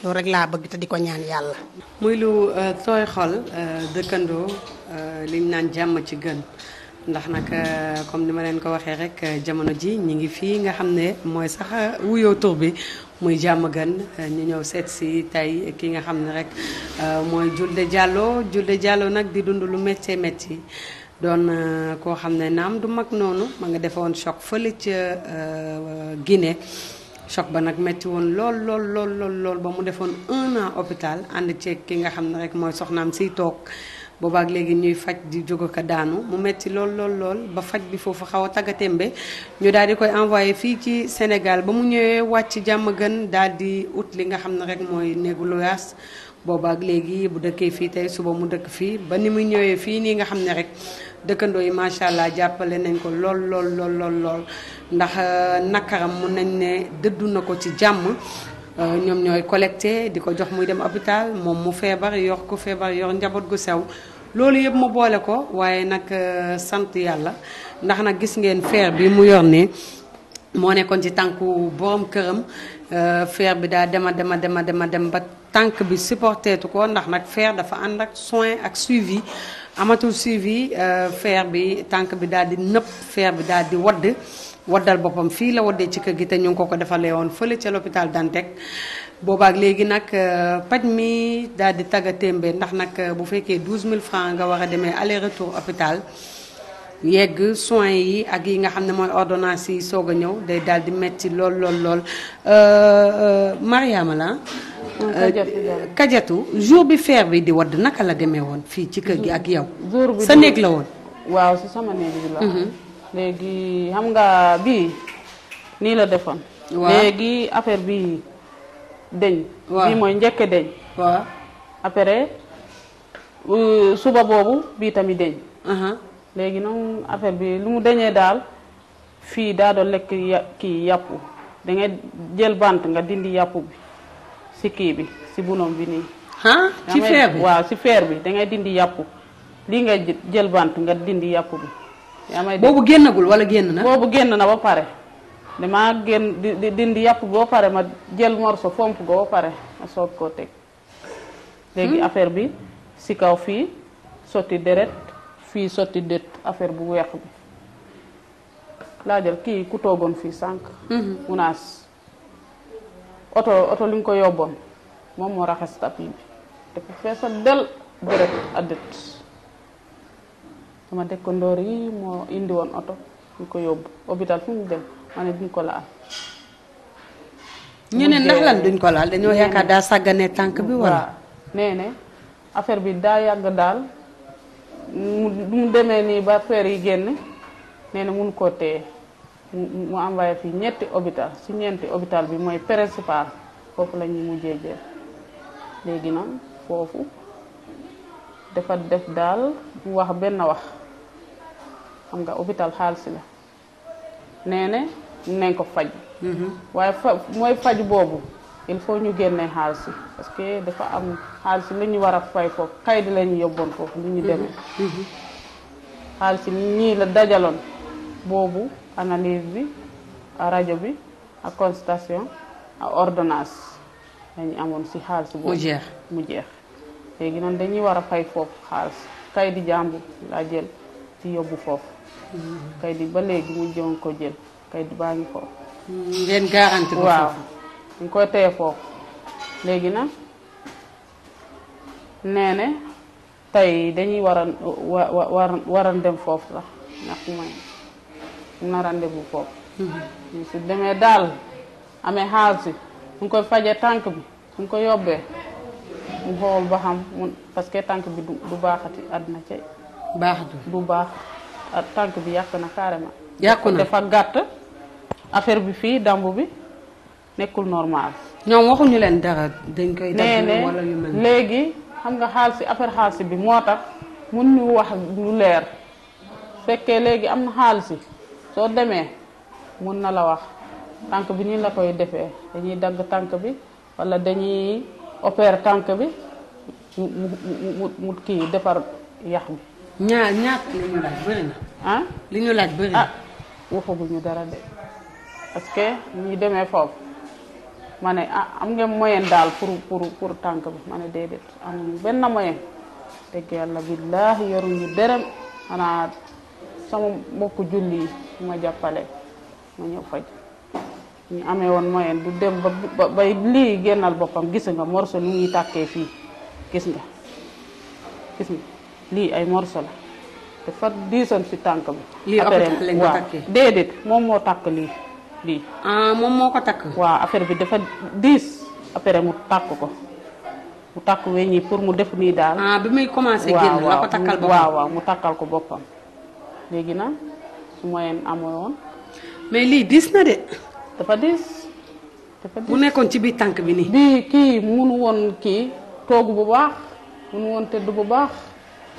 loolu rek laa bëgg te di ko ñaan yàlla. muy lu tooy euh, xol euh, dëkkandoo euh, liñ naan jàmm ci gën ndax nag comme ni ma leen ko waxee rek jamono ji ñi ngi fii nga xam ne mooy sax wuyoo tur bi muy jàmm gën ñu ñëw seet si tey ki nga xam ne rek mooy Diouldé jàlloo Diouldé Diallo nag di dund lu méttee métti. doon koo xam ne naam du mag noonu ma nga defoon choc fële ca Guinée choc ba nag metti woon lool lool lool lool lool ba mu defoon un an hôpital ànd ceeg ki nga xam ne rek mooy soxnaam siy toog boobaak léegi ñuy faj di jóg ko daanu mu metti lool lool lool ba faj bi foofu xaw a tàggatémbe ñu daal di koy envoyé fii ci Sénégal ba mu ñëwee wàcc jàmm gën daal di ut li nga xam ne rek mooy néegu loyaas boobaak léegi bu dëkkee fii tey suba mu dëkk fii ba ni muy ñëwee fii nii nga xam ne rek dëkkandoo yi macha allah jàppale nañ ko lool lool lool lool lool. ndax euh, nakaram mun nañ ne dëddu na ko ci jàmm euh, ñoom ñooy collecté di ko jox muy dem hôpital moom mu feebar yor ko feebar yor njaboot gu sew loolu yëpp mu boole ko waaye nag euh, sant yàlla ndax nag gis ngeen feer bi mu yor ne moo nekkoon ci tànku borom këram feer bi daa dema dema dema dema dem ba tànk bi supporteetu ko ndax nag feer dafa ànd ak soin ak suivi amatul suivi feer bi tànk bi daal di nëpp feer bi daal di wadd waddal boppam fii la waddee ci kër gi te ñu ngi ko ko defalee woon fële ca l'hôpital Dantec boobaak léegi nag euh, paj mi daal di tagga témbe ndax nag euh, bu fekkee mille francs nga war a demee aller retour hôpital yegg soin yi ak yi nga xam ne mooy ordonnance yi soog a ñëw day daal di metti lool lool lool euh, Mariama la kajatu jour bi feer bi di wadd naka la demee woon fii ci kër gi ak yow sa néeg la woon léegi xam nga bii nii la defoon. waaw léegi affaire bii deñ. waaw mooy njëkk deñ. waaw après euh, suba boobu bii tamit deñ. léegi noonu affaire bi lu mu deñee daal fii daa doon lekk kii yàpp da jël bant nga dindi yàpp bi si kii bi si buloom bi nii. ci waaw si feer bi dangay dindi yàpp lii nga jël bant nga dindi yàpp bi. boobu génnagul wala génn na. boobu génn na ba pare damaa génn di dindi yàpp boo pare ma jël morso fomp ko ba pare ma soog koo teg. léegi hmm? affaire bi si kaw fii sotti deret fii sotti dét affaire bu weex bi laajal kii ku toogoon fii sànq. munaas hmm. oto oto li nga ko yóbboon moom moo raxas tapis bi te feesal del deret a dét sama dëkkandoor yi moo indi woon oto ñu ko yóbbu hôpital fu mu dem ma ne duñ ko laal. ñu ne ndax lan duñ ko laal dañoo yaakaar daal sàggane tànk bi wala. nee ne affaire bi daa yàgg daal mu mu demee nii ba feer yi génn nee na mun koo téye mu mu envoyé fii ñetti hôpital si ñeenti hôpital bi mooy principal foofu la ñuy mujjee léegi nag foofu dafa def daal. wax benn wax xam nga hôpital xaalis la nee ne nañ ko faj mm-hmm. waaye fa mooy faj boobu il faut ñu génne xaalis yi parce que dafa am xaalis yi lu ñu war a fay foofu kay di lañu yóbboon foofu lu ñu mm-hmm. demee mm-hmm. xaalis yi ñii la dajaloon boobu analyse bi rajo bi ak constatation ak ordonnance dañu amoon si xaalis boobu mu jeex mu jeex léegi noonu dañuy war a fay foofu xaalis kay di jàmbu laa jël ci yóbbu foofu kay di ba léegi mu jëm ko jël kay di baa ngi foofu ngeen garanti ko waaw ñu koy téye foofu léegi nag nee ne tey dañuy war dem foofu sax ndax may na rendez-vous foofu mhm. si demee daal amee xaalis bi koy fajee tànk bi su ñu ko yobbee mu xool ba xam mun parce que tànk bi du du baaxati àddina ca. baax du baax ah, tànk bi yàq na carrément. yàqu na dafa gàtt affaire bi fii damb bi nekkul normal. ñoom waxuñu leen dara dañ koy. dagg wala léegi xam nga xaalis affaire xaalis bi moo tax mun ñu wax lu leer fekkee léegi am na xaalis soo demee mun na la wax tànk bi nii la koy defee dañuy dagg tànk bi wala dañuy. opère tànk bi mu mu mu kii defar yax bi. ñaar ñaar li ñu laaj bëri na. ah li ñu laaj bëri na. ah waxaguñu dara de parce que ñu demee foofu ma ne ah am ngeen moyen daal pour pour pour tànk bi ma ne déedéet amuñu benn moyen. dëgg yàlla billaahi yoruñu dërëm xanaa sama mbokku julli yi ma jàppale ma ñëw faj. ñu amee woon moyen du dem ba ba lii génnal boppam gis nga morso lu ñuy tàkkee fii gis nga gis nga lii ay morso la dafa diisoon si tànk bi. lii après waaw déedéet moom moo takk lii lii. ah moom moo ko takk. waaw affaire bi dafa diis après mu takk ko. mu takk weñ yi pour mu def nii daal. ah bi muy commencé génn la ko takkal boppam mu takkal ko boppam. léegi nag su moyen amoon. mais lii diis na de. dafa diis dafa diis. mu nekkoon ci biir tànk bi nii. bii kii munu woon kii toogu bu baax munu woon tëdd bu baax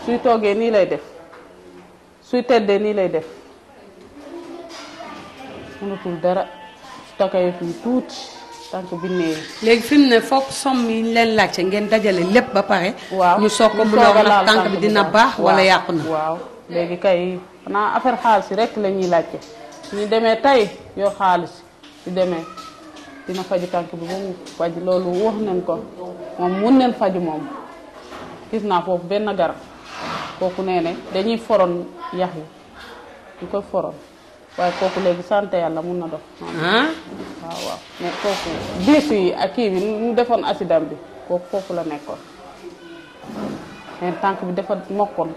suy toogee nii lay def suy tëddee nii lay def mënatul dara takay fi tuuti. tànk bi néew. léegi fi mu ne foog somme yi leen laajte ngeen dajale lépp ba pare. waaw ñu soog ko mu doon nag tànk bi dina baax wala yàqu na. waaw léegi kay xanaa affaire xaalis rek la ñuy laajte demee tey yor xaalis su demee dina faju tànk bi ba mu faj loolu wax nañ ko moom mun neen faju moom gis naa foofu benn garab kooku nee ne dañuy foroon yax yi ñu koy foron waaye kooku léegi sant yàlla mun na dox waaw waaw mais mu defoon accident bi kooku foofu la nekkoon mais tànk bi dafa mokkoon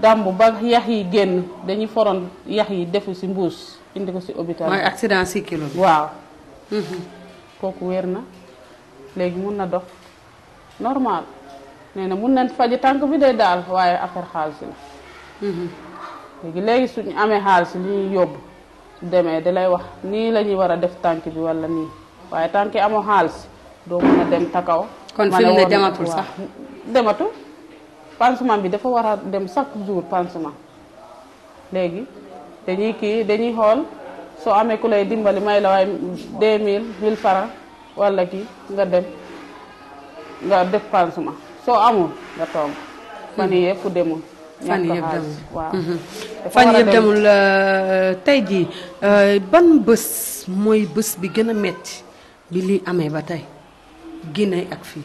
dàmb ba yax yi génn dañuy foroon yax yi defu ci mbuus indi ko si hôpital mooy si kilo waaw. Mhm. kooku wér na léegi mun na dox normal nee na mun nañ faji tànk bi day daal waaye affaire xaalis la. Mhm. léegi léegi suñu amee xaalis li ñuy yóbbu demee da lay wax nii la ñuy war a def tànk bi walla nii waaye tànk yi xaalis doo mun a dem takaw. kon fi mu sax dematul pansement bi dafa war a dem chaque jour pansement léegi. dañuy kii dañuy xool soo amee ku lay dimbali may la waaye 2000 1000 francs wala kii nga dem nga def pansement soo amul nga toog fan yii hmm. yëpp demul. fan yëpp demul hmm, hmm. Euh, tey jii euh, ban bés mooy bës bi gën a metti bi lii amee ba tey Guinée ak fii.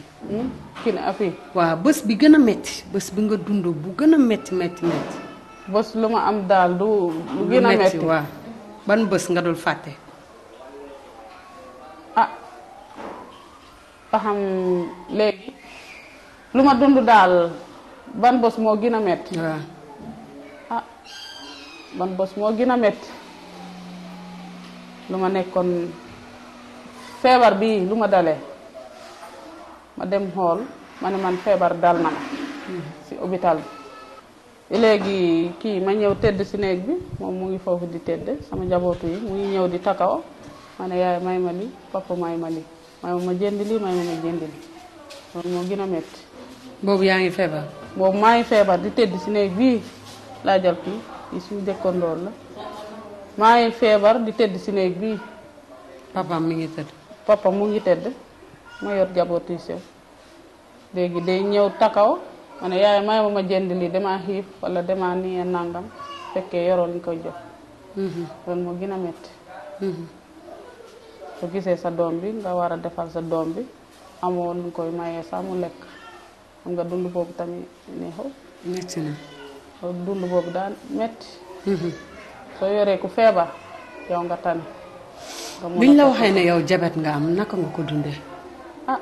Guinée ak fii. waaw bés bi gën a metti bés bi nga dund bu gën a metti metti metti. bés lu ma am daal du. lu gën metti waaw ban bës nga dul fàtte. ah ba xam léegi lu ma dund daal ban bés moo gën a metti. Ah, ban bés moo gën a metti lu ma nekkoon feebar bi lu ma dalee ma dem xool ma ne man feebar dal na hmm. si hôpital bi. léegi kii ma ñëw tëdd si néeg bi moom mu ngi foofu di tëdd sama njabootu yi mu ngi ñëw di takaw ma ne yaay may ma lii papa may ma lii may ma jënd lii may ma ma jënd lii loolu moo gën a métti. boobu yaa ngi feebar. boobu maa ngi feebar di tëdd si néeg bii laa jal kii yi suñu dëkkandoor maa ngi feebar di tëdd si néeg bii. papa mi ngi tëdd. papa mu ngi tëdd ma yor njabootu yi sew léegi day ñëw takaw. ma ne yaay may ma ma jënd lii damaa xiif wala damaa nii nangam fekkee yoroo li koy jox. Mhm. loolu moo gën a métti. Mhm. gisee sa doom bi nga war a defal sa doom bi amoo nu koy mayee sax mu lekk nga dund boobu tamit neexul. métti na. dund boobu daal métti. Mhm. soo yoree ku feebar yow nga tane. biñ la waxee ne yow jabet nga am naka nga ko dundee. ah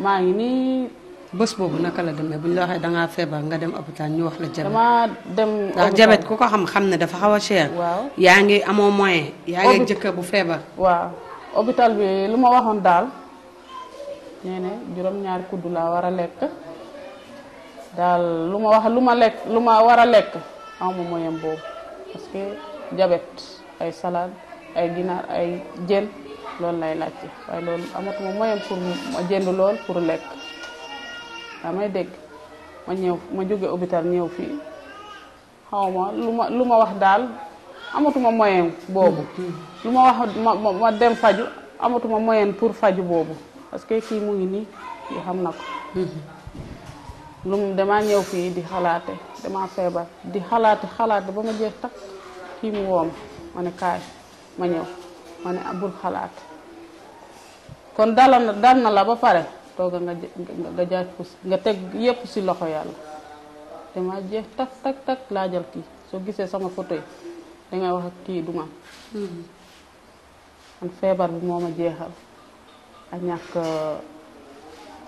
maa ngi nii. bés boobu naka la demee bu ñu la waxee da ngaa feebar nga dem hôpital ñu wax la jabet. damaa dem ndax jabet ku ko xam xam ne dafa xaw a cher. waaw yaa ngi amoo moyen. yaa ngi jëkkër bu feebar. waaw hôpital bi lu ma waxoon daal nee juróom-ñaari kuddu laa war a lekk daal lu ma wax lu lu ma war a lekk awma moyen boobu parce que jabet ay salade ay ginaar ay jën loolu lay laajte waaye loolu amatuma moyen pour ma jënd lool pour lekk. daa may dégg ma ñëw ma jóge hôpital ñëw fii xaw ma lu ma lu ma wax daal amatuma moyen boobu mm, mm. lu ma wax ma dem faju amatuma moyen pour faju boobu parce que kii mu ngi nii yi xam na ko mm-hmm. lu mu ñëw fii di xalaate damaa feebar di xalaate xalaate ba ma jeex takk kii mu wooma ma ne kaay ma ñëw ma ne abul ah, xalaat kon dala dal na la ba pare tooga nga nga jaaj ko yépp ci loxo yàlla dama jeex tak soo gisee sama photo dangay wax ak kii duma hmm. man feebar bi moo ma jeexal ak ñàkk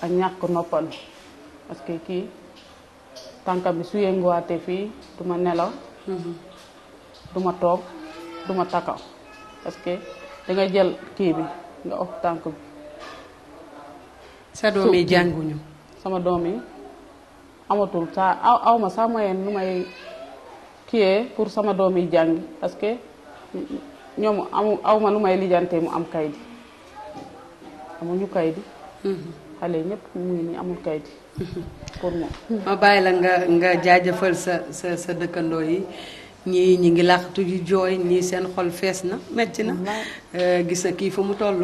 ak noppal parce que kii tànkam bi su yënguwaatee fii duma nelaw hmm. duma toog duma takaw parce que dangay jël kii bi nga of tànk bi sa doom yi jànguñu. sama doom yi amatul saa aw aw ma nu may kiyee pour sama doom yi jàngi parce que ñoom amu aw ma nu may lijjantee mu am kayit amuñu kayit. Mhm. xale ñëpp mu ngi nii amul kayit mhm. pour moom. ma bàyyi la nga nga jaajëfal sa sa sa dëkkandoo yi. ñii ñi ngi làqatu ji jooy ñii seen xol fees na metti na euh, gis na kii fa mu toll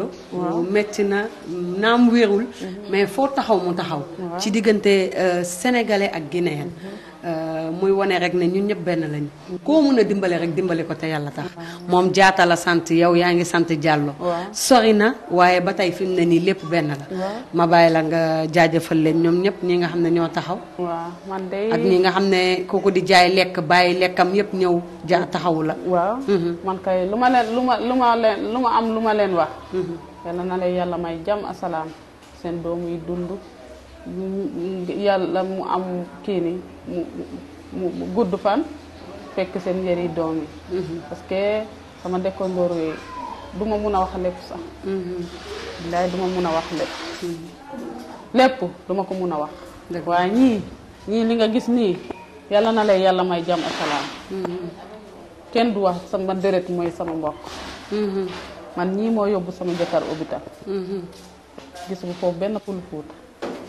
metti na naam wéerul mhm. mais foo taxaw mu taxaw ci diggante euh, sénégalais ak guinéen mhm. Euh, muy wane rek ne ñu ñëpp benn lañu. koo mun a dimbali rek dimbali ko te yàlla tax. moom jaata la sant yow yaa ngi sant Diallo. sori na waaye ba tey fi mu ne nii lépp benn la. ma bàyyi la nga jaajëfal leen ñoom ñëpp ñi nga xam ne ñoo taxaw. man ak ñi nga xam ne kooku di jaay lekk bàyyi lekkam yëpp ñëw ja taxawu la. waaw mm-hmm. man kay lu ma leen lu ma leen lu ma am lu ma leen wax. Mm-hmm. yal na leen yàlla may jam asalaam seen doom yi dund. yàlla mu am kii ni mu mu gudd fan fekk seen njëriñ doom yi mm-hmm. parce que sama dëkkandoor yi du ma mun a wax lépp sax mm-hmm. bilaay du ma mun a wax lépp mm-hmm. lépp duma ko mun a wax waaye ñii ñii li nga gis nii yàlla na lay yàlla may jàmm ak kenn du wax sama deret mooy sama mbokk man ñii moo yóbbu sama jëkkër hôpital gis bu foofu benn pul fuuta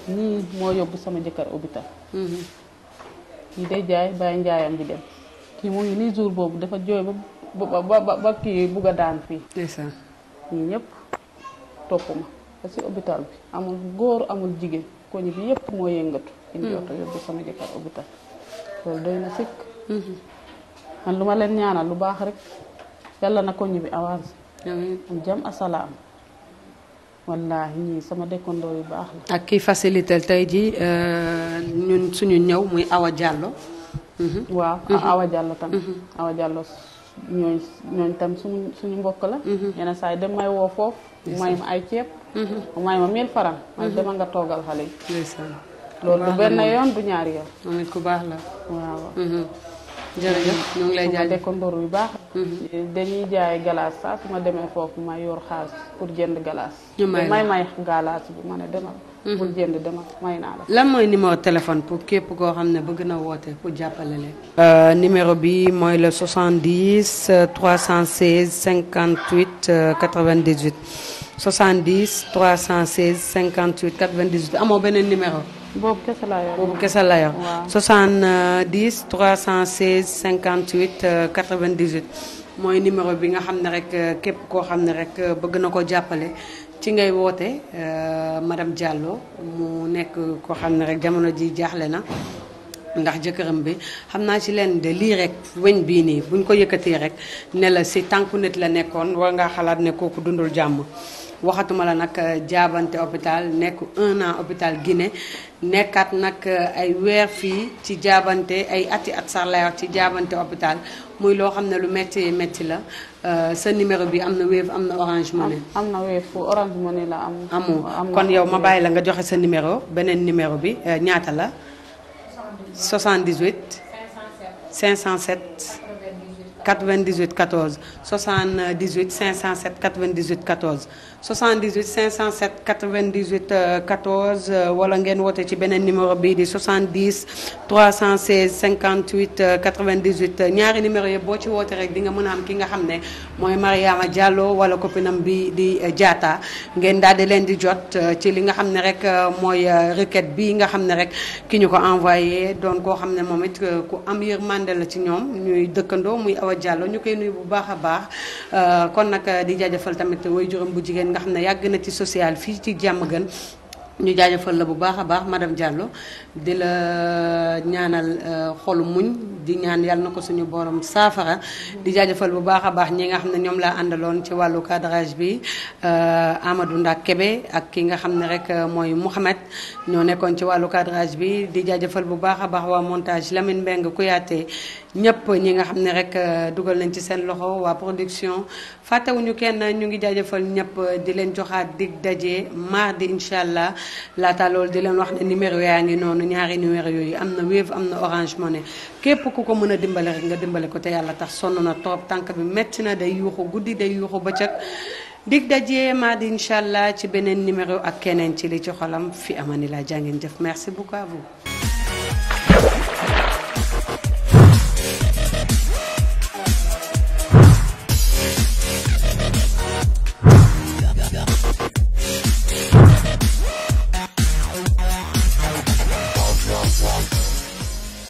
ñii moo yóbbu sama jëkkër hôpital ñi mhm. day jaay bàyyi njaayam di dem kii mu ngi nii jour boobu dafa jooy ba ba ba kii bugg daan fii ndeysaan ñi topp ma ba si hôpital bi amul góor amul jigéen koñ bi yëpp moo yëngatu indi mhm. oto yóbbu sama jëkkër hôpital loolu doy na sikk mhm. man lu ma leen ñaanal lu baax rek yàlla na koñ bi avancé am jàmm asalaam wallaahi ñii sama dëkkandoo yu baax la. ak kiy facilité tey jii euh, ñun suñu ñëw muy Awa Diallo. Mhm. waaw mhm. Awa Diallo tam. Mhm. Awa Diallo ñooñ ñooñ tam suñu suñu mbokk la. yenn saa yi dem may woo foofu. may ay ceeb. may ma 1000 may dama nga toogal xale yi. loolu benn yoon du ñaari yoon. moom ku baax la waaw. jërëjëf ñu ngi lay jaajëf dekkoon boru baax. Mm-hmm. dañuy jaay galaas saa su ma demee foofu ma yor xaalis pour jënd galaas. ñu may may may galaas bi ma demal. Mm-hmm. pour jënd demal may naa la. lan mooy numéro téléphone pour képp koo xam ne bëgg na woote pour jàppale leen. Euh, numéro bi mooy le 70 316 58 98 70 316 58 98 amoo beneen numéro. boobu kese la yor boobu kese la yor. waaw 70 316 58 98 mooy numéro bi nga xam ne rek euh, képp koo xam ne rek euh, bëgg na ko jàppale. ci ngay woote euh, madame Diallo mu nekk koo xam ne rek jamono ji jaaxle na ndax jëkkëram bi xam naa ci leen de lii rek weñ bii nii buñ ko yëkkatee rek ne la si tànku nit la nekkoon war ngaa xalaat ne kooku dundul jàmm waxatuma la nag euh, jaabante hôpital nekk un an hôpital Guinée nekkaat nag euh, ay weer fii ci jaabante ay ati at sax ci jaabante hôpital muy loo xam ne lu métti métti la euh, sa numéro bi am na Wave am na Orange Money. am na Wave Orange Money la am. amoo kon yow ma bàyyi la nga joxe sa numéro beneen numéro bi ñaata la. 78 507 98 14 78 507 98 14 78 507 98 14 wala ngeen woote ci beneen numéro bii di 70 316 58 98 ñaari numéro yëpp boo ci woote rek di nga mën a am ki nga xam ne mooy Mariama Diallo wala copinam bi di euh, Diatta ngeen daal di leen di jot euh, ci li nga xam ne rek euh, mooy requête bi nga xam ne rek ki ñu ko envoyé doon koo xam ne moom it ku am yërmande la ci ñoom ñuy dëkkandoo muy Awa Diallo ñu koy bu baax a baax kon nag di jaajëfal tamit way juróom bu jigéen xam ne yàgg na ci social fii ci jàmm gën ñu jaajëfal la bu baax a baax madam Diallo di la ñaanal euh, xolu muñ di ñaan yàlla na ko suñu borom saafara di jaajëfal bu baax a baax ñi nga xam ne ñoom laa àndaloon ci wàllu cadrage bi euh, amadu ndax Kebe ak ki nga xam ne rek euh, mooy Mouhamed ñoo nekkoon ci wàllu cadrage bi di jaajëfal bu baax a baax waa montage Lamine Mbengue Kouyaté ñëpp ñi nga xam ne rek euh, dugal nañ ci seen loxo waa production fàttewuñu kenn ñu ngi jaajëfal ñëpp di leen joxaat dig daje mardi incha allah laata loolu di leen wax ne numéro yaa ngi noonu ñaari numéro yooyu am na Wave am na Orange Money képp ku ko mën a dimbale nga dimbale ko te yàlla tax sonn na toog tànk bi metti na day yuuxu guddi day yuuxu bëccëg dig daje maa di incha allah ci beneen numéro ak keneen ci li ci xolam fi amani la jàngeen jëf merci beaucoup à